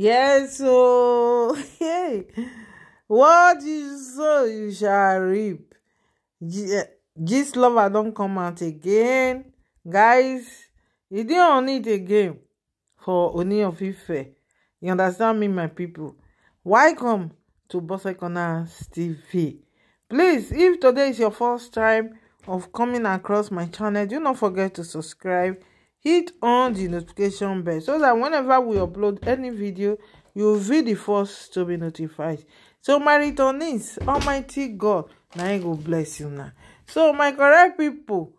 Yes, oh, hey. What you sow, you shall reap. Gist Lover don come out again. Guys, e dey on it game for Ooni of Ife. You understand me, my people? Welcome to Bose Corners TV. Please, if today is your first time of coming across my channel, do not forget to subscribe hit on the notification bell so that whenever we upload any video you will be the first to be notified so my returnees almighty god na him go bless you now so my correct people,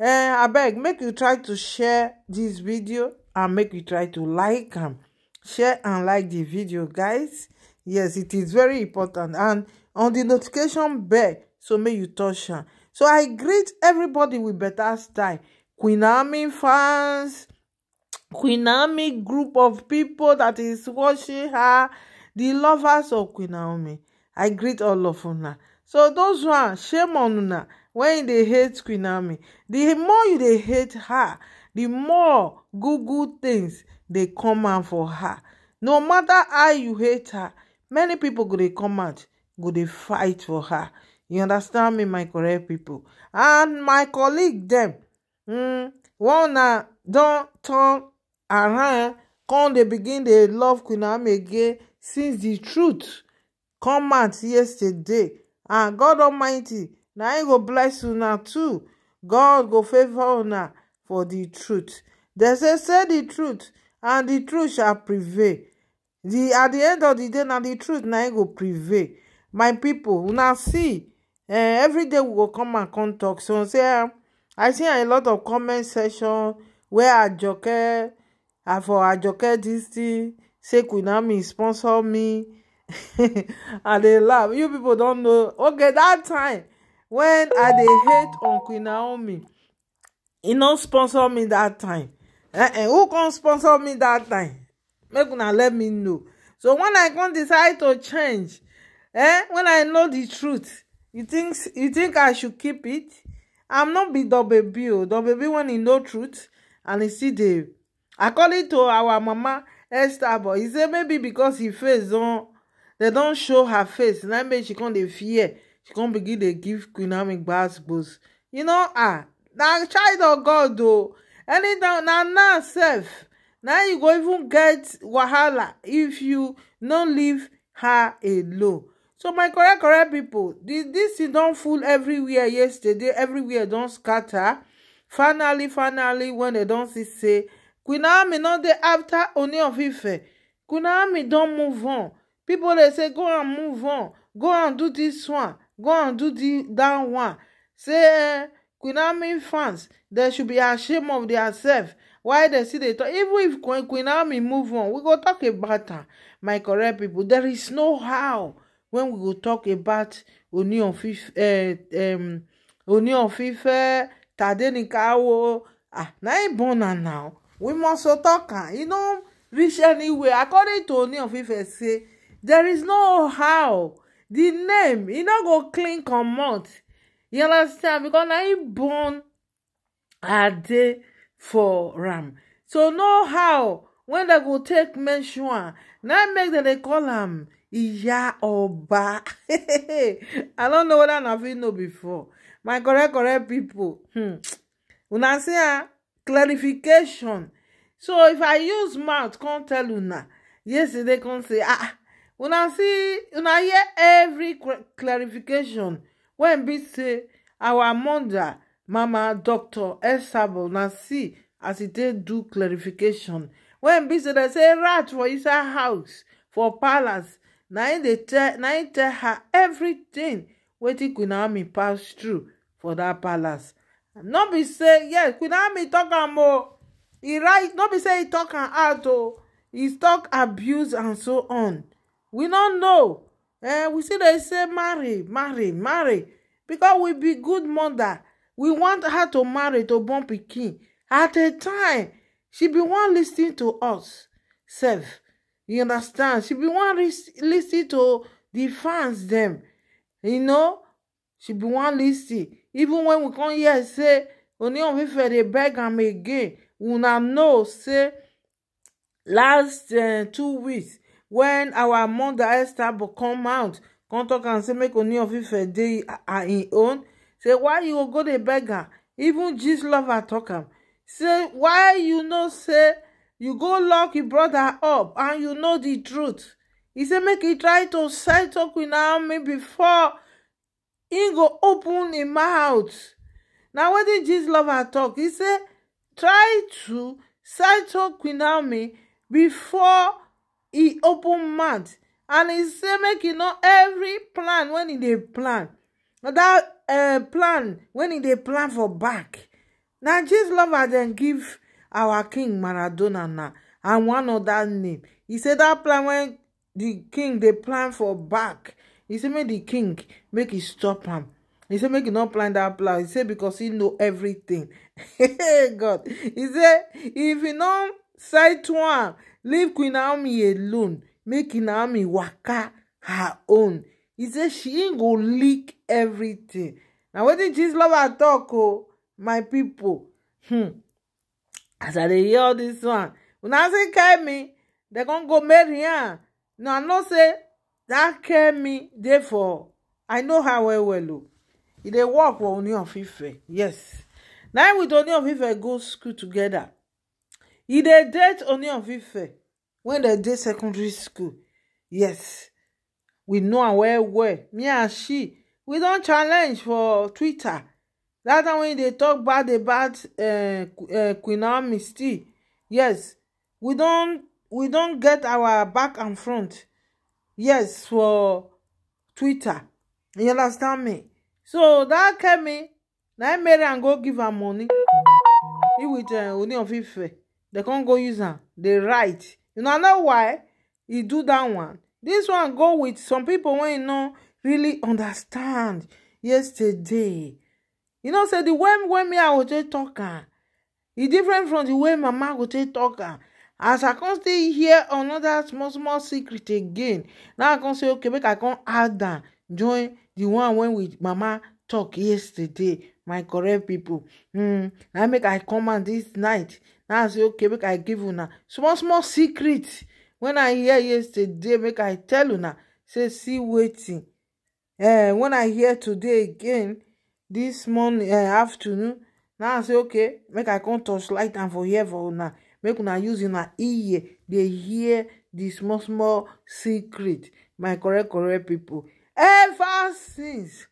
uh, eh, beg make you try to share this video and make you try to like am share and like the video guys yes it is very important and on the notification bell so may you touch am so i greet everybody with better style Queen Naomi fans, Queen Naomi group of people that is watching her, the lovers of Queen Naomi. I greet all of them. So those one, shame on una when they hate Queen Naomi. The more you they hate her, the more good good things they come out for her. No matter how you hate her, many people go they come out, go they fight for her. You understand me, my correct people? And my colleague them. Hmm. na don turn around come dey begin dey love kunami again since di truth come out yesterday and god almighty na him go bless una too god go favour una for di truth dem say say di truth and di truth sha prevail di at di end of di day na di truth na him go prevail my pipo una see eh, everyday we go come and come talk some say am. Ah, I see a lot of comment section where Ajoke uh, for Ajoke this thing say Queen sponsor me and they laugh. You people don't know. Okay, that time when I dey hate on Queen Naomi, e no sponsor me that time. Uh -uh, who come sponsor me that time? Make una let me know. So when I come decide to change, eh, when I know the truth, you think you think I should keep it? i'm not be don baby o don baby wen e know truth and he see the I call it to our mama esther but he say maybe because he face don they don't show her face na make she come dey fear she come begin dey give queen army gbas you know ah na child of god o anytime now now self now you go even get wahala if you not leave her alone so my correct correct pipo this thing don't fool everywhere yesterday everywhere Don't scatter finally finally when they don't see say queen army no dey afta oni of ife queen army move on People dey say go and move on go and do this one go and do the that one say queen army fans they should be ashamed of themselves. why they see they talk even if queen army move on we go talk about am my correct people, there is no how when we go talk about Ooni of Ife uh, um, Ooni of Ife ah na him e born am now we must talk am e no reach anywhere according to Ooni of Ife say there is no how the name e no go clean comot you understand because na him e born Ade for am so no how when dem go take mention am ah, na e make dem dey call am iya oba i don't know whether na fit know before my correct correct people. hmm una see ah clarification so if i use mouth can't tell una yesterday can't say ah una see una hear every clarification when be say our mother mama doctor elsabo na see as e dey do clarification when be say dem say rat for inside house for palace na him dey tell na him tell her everything wetin queen naomi pass through for that palace no be say yes queen naomi talk am o e write no be say he talk am out o e talk abuse and so on we no know eh we still dey say marry marry marry because we be good mother we want her to marry to born pikin at a time she bin wan lis ten to us sef you understand she be one listen to di fans dem you know she be one listen even when we come hear say oni of ife dey beg am again now know say last eh, two weeks when our mother esther come out come tok am say make oni of ife dey her own say why you go go dey beg am even gist lover tok am say why you know say you go lock your brother up and you know the truth He said, make e try to settle with naomi before he go open his mouth Now, what did Jesus love? lover talk. He said, try to settle with naomi before he open mouth and he said, make e know every plan when he dey plan dat eh, plan when he dey plan for back Now, Jesus love lover dem give our king maradona na and one other name He say that plan when the king dey plan for back He say make the king make e stop am He say make e not plan that plan He say because he know everything hey god He say if he no side one, leave queen naomi alone make queen naomi waka her own He say she ain't go leak everything na wetin gist lover talk o oh, my people. hmm as i dey hear all dis one una say kemi dem con go marry am ah. na i know say that kemi dey for i know her well well o oh. e dey work for oni of ife yes na im with oni of ife go school together. e dey date oni of ife when dem dey secondary school yes we know am well well me and she we don challenge for twitter That time when e dey tok bad about eh, eh, queen naomi still yes we don we don get our back and front yes for twitter you understand me so that kemi na im marry and go give am money He with eh, oni of ife dem con go use am dey write you know know why he do that one This one go with some people wey you no really understand yesterday you know say the way wey me i go take talk am ah, e different from the way mama go take talk am ah. as i come still hear another small small secret again now i come say okay make i come add am join the one wey we mama talk yesterday my correct people. hmm na make i come out this night now i say okay make i give una small small secret When i hear yesterday make i tell una say see wetin eh When i hear today again dis morning eh, afternoon na i say okay make i come touch light am for here for una make una use una ear dey hear di small small secret my correct correct pipo ever since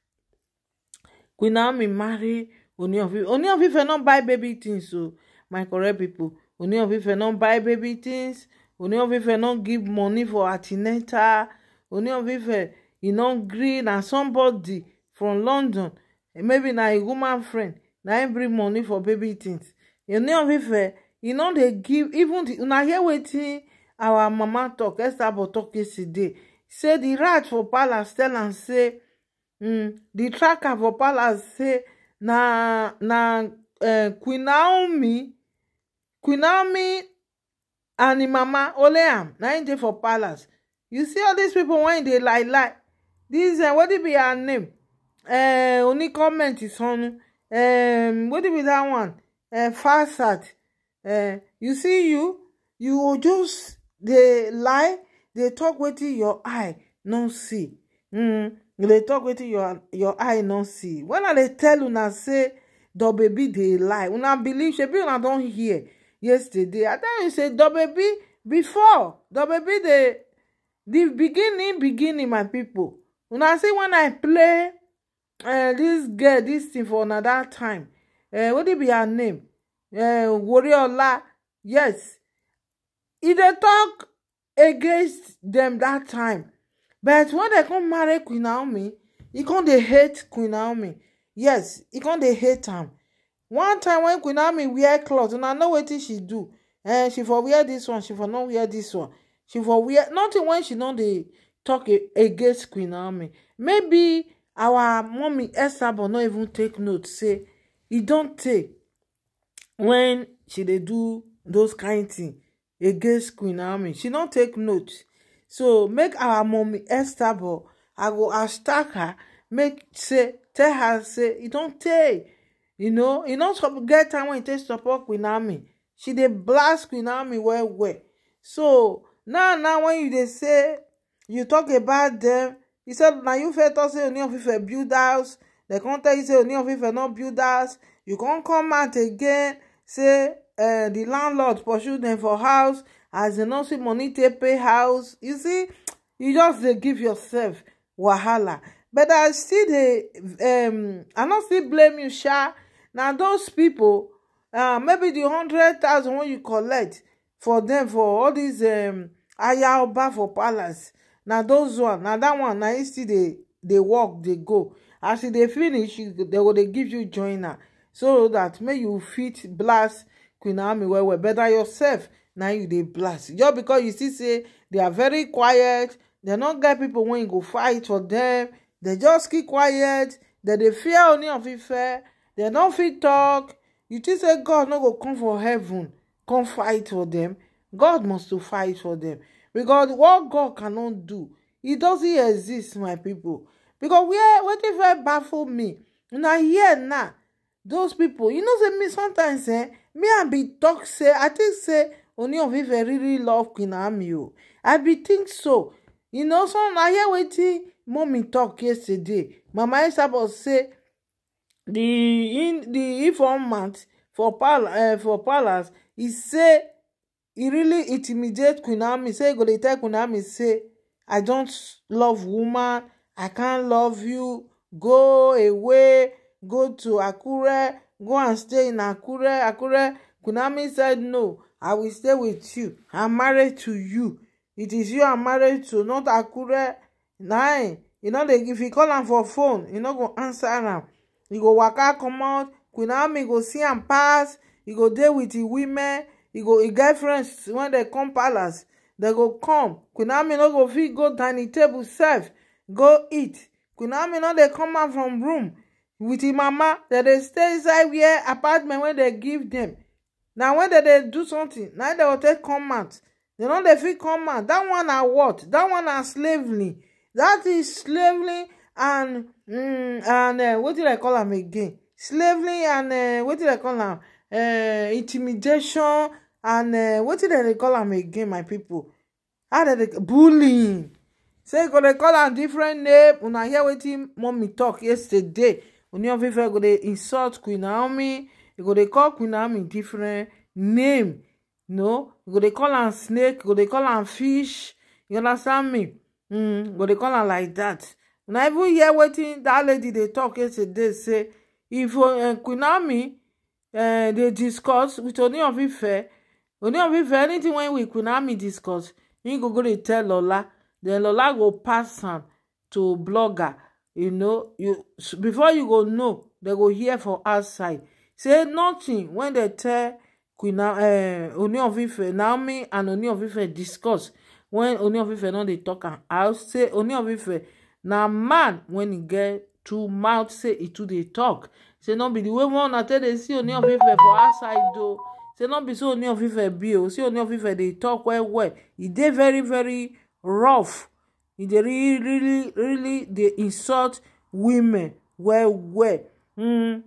queen me marry of of ife no buy baby things o my correct pipo ife no buy baby things of ife no give money for at ten of ife e don gree na somebody from london. maybe na im woman friend na im bring money for baby things Ooni of Ife eh, you know they give even the na hear wetin our mama talk Esther talk yesterday say the rat for palace tell am say mm, the tracker for palace say na na uh, Queen Naomi Queen Naomi and im mama only na im dey for palace you see all these people when dey lie lie this uh, what dey be her name uh, oní kọ́mẹ̀ntì sọnù um, eh, wetin be that one uh, eh, Fasat uh, you see you you just dey lie dey talk wetin your eye no see mm, dey talk wetin your your eye no see when i dey tell una say Dobebi dey lie una believe shebi una don hear yesterday i tell you say Dobebi before Dobebi dey the beginning beginning my people una see when i play Uh, this girl this thing for another time uh, what be her name uh, Wariola yes e dey talk against dem that time but when dem come marry queen naomi e come dey hate queen naomi yes e come dey hate am one time when queen naomi wear cloth una know wetin she do Uh, she for wear this one she for no wear this one she for wear nothing when she no dey talk against queen naomi maybe our mommy Esther esabo not even take note say e don take when she dey do those kind thing against queen naomi she don take note so make our mommy esabo i go hashtag her make say tell her say e don tey you know e no get time when e take support queen naomi she dey blast queen naomi well well so now now when you dey say you talk about dem He said, "Now you first us say union fifa build house dem come tell you say union fifa no build house you can't come out again say eh, the landlord pursue them for house as they no see money to pay house you see you just they give yourself wahala but i see the um i no still blame you sha Now those people, uh, maybe the hundred thousand wey you collect for them for all these um ayaoba for palace na those one na that one na see still dey work they go as they finish they will they give you joiner so that may you fit blast queen army well well better yourself Now you they blast just because you see say they are very quiet dem no get when you go fight for them. They just keep quiet dem they fear only of ife They don't fit talk you think say god no go come for heaven come fight for them. god must to fight for them because what god cannot do e doesn't exist my people. because what wetin fit baffle me I hear now those people, you know say me sometimes eh me and be talk say i think say only of ife really love queen ami i be think so you know so na hear waiting. mommy talk yesterday mama esabod say the in the informant eh, for palace he say e really intimidate Kunami. say e go dey tell queen say i don't love woman i can't love you go away go to akure go and stay in akure akure Kunami said no i will stay with you i'm married to you it is you i'm married to not akure nine You know they if you call am for phone e no go answer am e go waka comot queen naomi go see am pass e go dey with the women e go e get friends wen dem come palace dem go come queen ami no go fit go dining table sef go eat queen ami no dey come out from room with im mama dem dey stay inside wia apartment wey dem give dem na when dem dey do something na dem go take come out dem no dey fit come out dat one na what That one na slavery That is slavery and mm, and uh, wetin dem call am again slavery and uh, wetin dem call am uh, intimidation and uh, eh, wetin dem dey call am again my people? how did they bullying say go dey call am different name una hear wetin mommy talk yesterday Ooni of Ife go dey insult Queen Naomi e go dey call Queen Naomi different name no e go dey call am snake e go dey call am fish you understand me mm, go dey call am like that una even hear wetin that lady dey talk yesterday say if uh, Queen Naomi uh, eh, dey discuss with oni of ife oni of ife anything wey we kunami discuss him go go dey tell lola then lola go pass am to blogger you know you before you go know they go hear for outside say nothing when they tell eh, oni of ife naomi and oni of ife discuss wen oni of ife no dey tok am out say oni of ife na man when he get two mouth say e too dey tok say non, be the way one na tell dey see Ooni of Ife for outside o say non, be so Ooni of Ife be o see Ooni of Ife dey talk well well e dey very very rough e dey really really really dey insult women well well mm.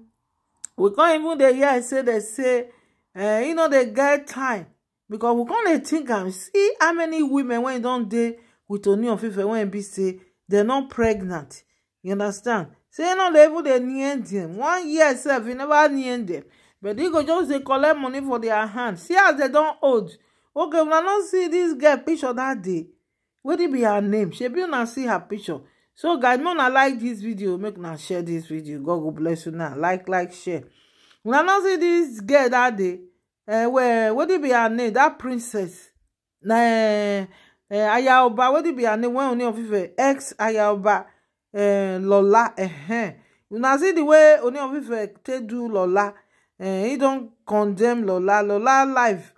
we come even dey hear say dey say uh, e no dey get time because we come dey think am see how many women wey e don dey with Ooni of Ife wey be say dem no pregnant you understand say no dey even dey near dem one year sef e never near dem but e go just dey collect money for their hand see as dem don old okay una no see dis girl picture dat day wetin be her name shebi una see her picture so guys make una like dis video make una share dis video god go bless una like like share una no see dis girl dat day eh, wetin be her name dat princess na eh, eh, ayaoba wetin be her name wen oni of ex ayaoba Eh, lola You una see the way oni of ife take do lola ehn e don condemn lola lola life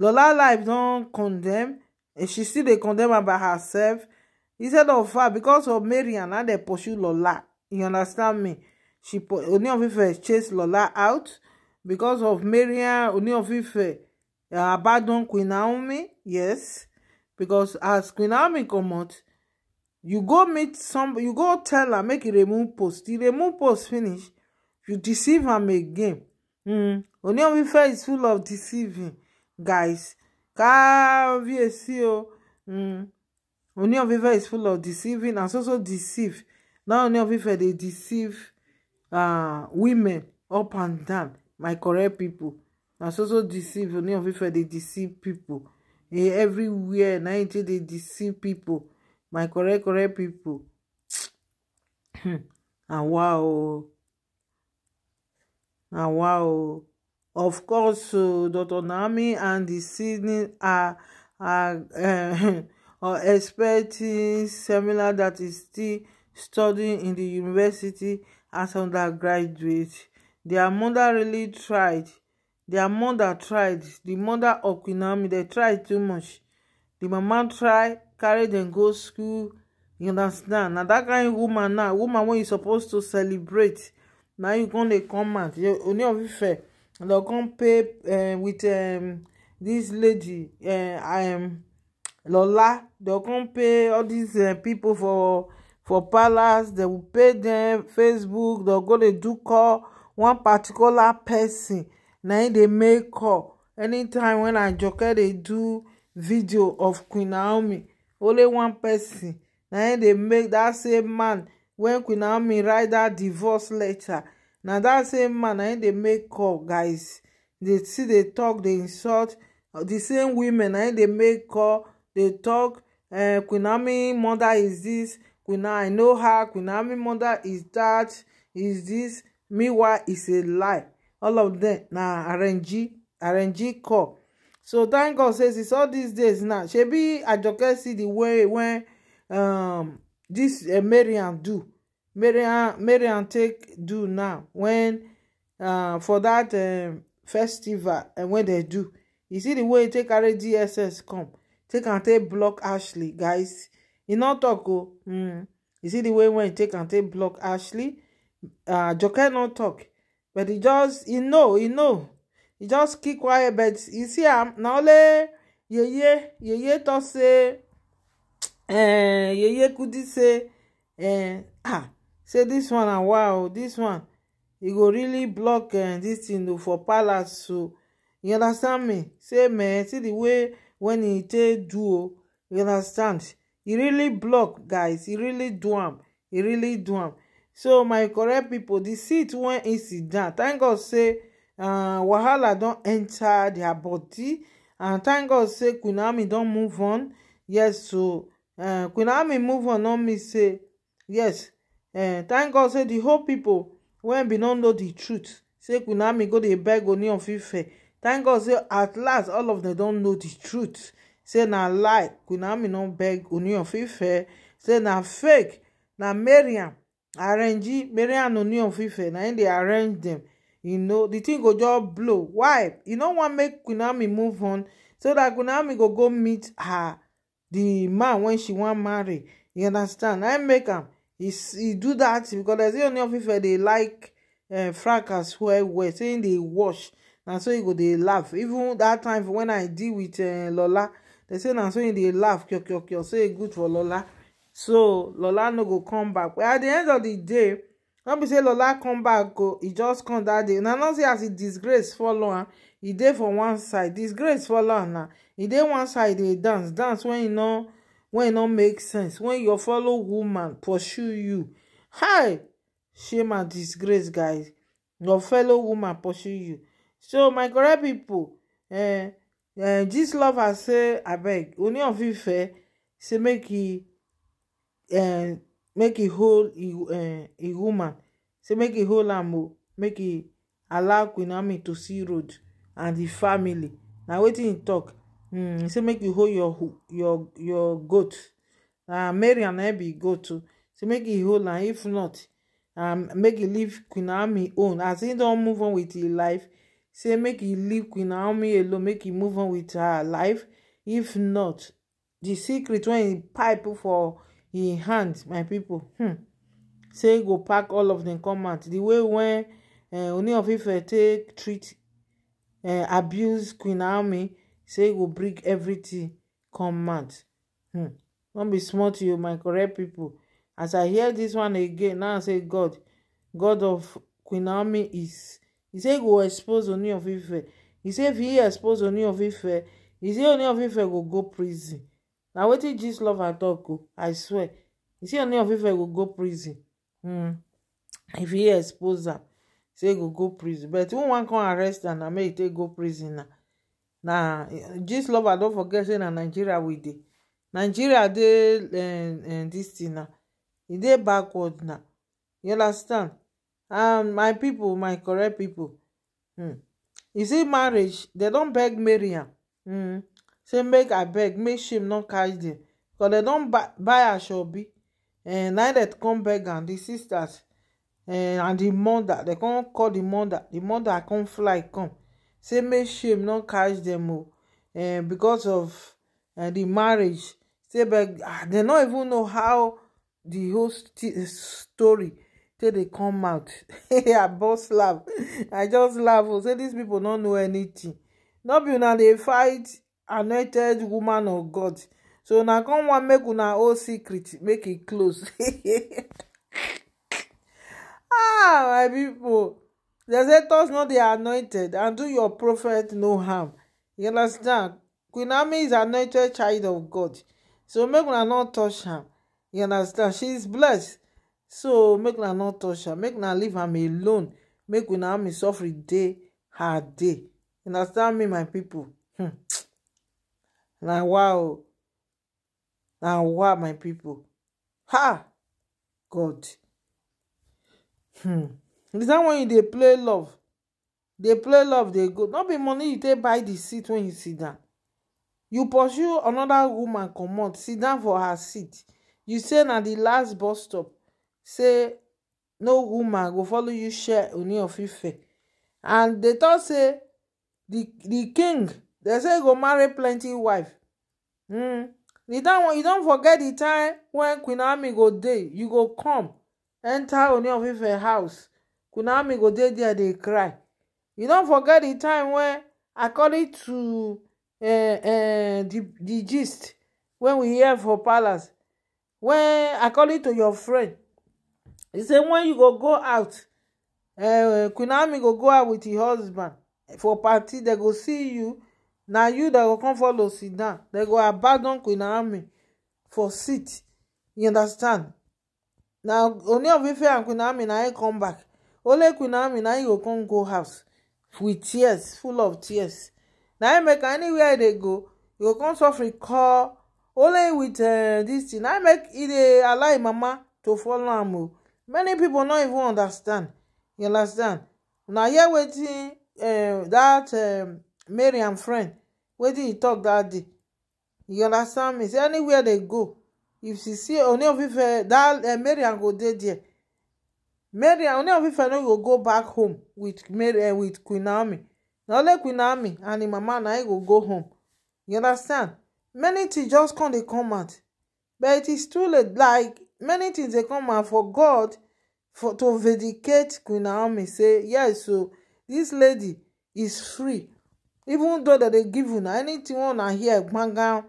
lola life don condemn she still dey condemn am by herself instead of her because of mary and how dem pursue lola you understand me she oni of ife chase lola out because of marian oni of ife abandon queen naomi yes because as queen naomi comot you go meet some you go tell am make e remove post The remove post finish you deceive am again mm. Ooni is full of deceiving guys kábíyèsí o mm. Ooni is full of deceiving and so so deceive now Ooni dey deceive uh, women up and down my correct people na so so deceive Ooni dey deceive people e everywhere na him take dey deceive people my correct correct people. awa o awa o of course o dr naomi and the sydney are are uh, expecting similar. that is still studying in the university as undergraduate Their mother really tried Their mother tried The mother of queen naomi dey try too much The mama try carry dem go school you understand na dat kind woman now woman wey you suppose to celebrate na you con dey come out oni of ife dem come pay eh, with um, dis lady um, lola dem come pay all dis eh, pipo for for palace dem pay dem facebook dem go dey do call one particular person na im dey make call anytime wen ajoke dey do video of queen naomi only one person na im dey make that same man wen queen naomi write that divorce letter na that same man na im dey make call guys dey still dey talk dey insult uh, The same women na im dey make call dey talk Uh, queen naomi mother is dis queen i know her queen naomi mother is that? is dis meanwhile is a lie all of them. na arrange arrange call so thank god say since all these days now shebi ajoke see the way when um, dis eh, marian do marian Marian take do now when uh for dat um, festival and when they do you see the way e take carry dss come take and take block ashley guys e no talk o oh. mm. you see the way when e take and take block ashley uh Joker not talk but he just e know e know e just keep quiet but you see am na only yeye yeye talk say um, yeye kudi say um, ah say this one na wow this one e go really block uh, eh, dis thing o oh, for palace so you understand me say meh see the way when he take do o oh, you understand He really block guys He really do am He really do am so my correct people, di seat wen e sit down thank god say Uh, wahala don't enter their body and thank god say queen naomi don move on yes so eh, queen naomi move on no me say yes Uh, thank god say the whole people wey bin no know the truth say queen naomi go dey beg oni of ife thank god say at last all of them don't know the truth say na lie queen naomi no beg oni of ife say na fake na mariam arrange mariam oni of ife na im dey arrange them you know the thing go just blow why You no wan make kunami move on so that kunami go go meet her the man wey she wan marry you understand i make am he do that because there's only of ife dey like eh, fracas well well say im dey wash na so he go dey laugh even that time when i deal with eh, lola they say na so im dey laugh kyo. say e good for lola so lola no go come back but at the end of the day no be say lola come back Go, he just come that day una know say as he disgrace follow am he dey for one side disgrace follow am na he dey one side dey dance dance when e no when e no make sense When your fellow woman pursue you hi shame and disgrace guys your fellow woman pursue you so my correct people, eh eh dis lover say abeg Ooni of Ife say make e eh make he hold e, eh, a woman say make he hold am o make he allow queen Ami to see road and di family na wetin e tok um, hmm, say make you hold your your your goat na mariam na be goat too. say make he hold am if not um, make he leave queen Ami own as he don move on with e life say make he leave queen Ami alone make he move on with her life if not the secret wey e pipe for e hand my people. hmm say go pack all of dem come out di way wen eh, oni of if I take treat eh, abuse queen Army, say go break everything come out hmm no be small to you my correct people. as i hear this one again now i say god god of queen Army is He say go expose oni of if. He say if he expose oni of if, he say oni of if go go prison Now na wetin Jesus love tok talk? Oh, i swear you see any of ife go go prison hmm if he expose am say go go prison but when one come arrest am na make e take go prison now Jesus love lover don't forget saying na nigeria we dey nigeria dey this um, um, thing now, e dey backward na you understand Um, my people, my correct people, hmm you see marriage they don't beg marry hmm say make beg, make shame no catch dem becos dem don buy asoebi eh, na im dem come beg am di sisters eh, and di mother dem come call di mother di mother come fly come say make shame no catch dem o oh. eh, because of di marriage say beg dem ah, no even know how di whole story say dey come out i burst laugh i just laugh o oh. say dis pipo no know anytin no be una dey fight anointed woman of god so na come wan make una whole secret make e close ah my people, dem say thus no dey anointed and do your prophet no harm you understand queen ami is anointed child of god so make una no touch am you understand she is blessed so make una no touch am make una leave am alone make Queen ami suffer dey her day you understand me my people? hmm na wow na wow my people? ha god hmm is that when you dey play love dey play love dey go not be money you take buy the seat when you sit down you pursue another woman comot sit down for her seat you say na the last bus stop say no woman go follow you share oni of ife and dey tok say the the king dem say go marry plenty wife hmm you don't forget the time when Kunami go dey you go come enter oni of ife house Kunami go dey there dey cry you don't forget the time wen according to eh, eh, the the gist when we hear for palace wen according to your friend e say when you go go out eh, queen Kunami go go out with your husband for party They go see you na you that go come follow sit down They go abandon queen naomi for seat you understand na only of ife and queen naomi na im come back only queen naomi na im go come go house with tears full of tears na im make anywhere e dey go e go come suffer call only with eh, this. thing na im make e dey allow im mama to follow am o oh. many people no even understand you understand na hear wetin dat eh, Mary and friend wetin he talk that day you understand me say anywhere they go if she see only of ife eh, Mary and go dey there Mary, only of ife no go go back home with mary eh, with queen naomi na only queen naomi and im mama na im go go home you understand many things just come they come out but it is too late like many things they come out for god for to vindicate queen naomi say yes so this lady is free even though dem dey give una anything wey una hear gbanga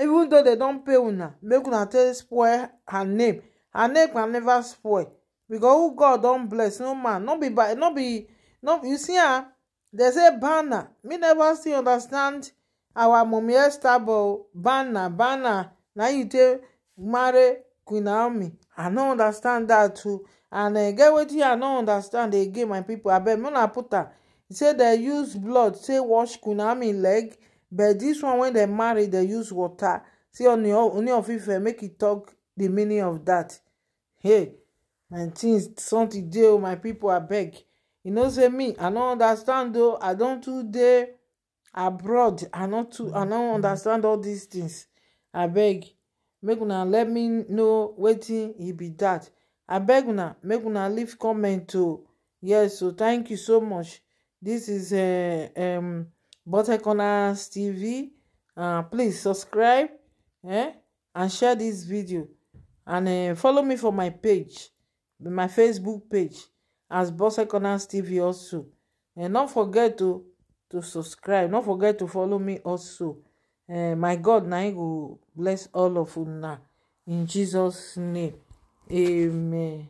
even though dem don pay una make una take spoil her name her name can never spoil because who god don bless no man no be by no be no you see ah dem say banna me never still understand our mommy esther but banna banna na you take marry queen naomi i no understand dat too and eh, get wetin i no understand again my pipo abeg una put am e say dem use blood Say wash kunami leg but dis one wey dem marry dem use water see oni of ife make e talk the meaning of that. hey and tins something dey o oh, my pipo abeg you know say me i no understand o oh, i don too dey abroad i no too i no mm-hmm. understand all these things. abeg make una let me know wetin e be that. abeg una make una leave comment o oh. yes So thank you so much this is uh, eh, um, Butter Corners TV uh, ah, please subscribe eh, and share this video and uh, follow me for my page my Facebook page as Butter Corners TV also and eh, don't forget to to subscribe don't forget to follow me also uh, my God na him bless all of you now in Jesus name amen.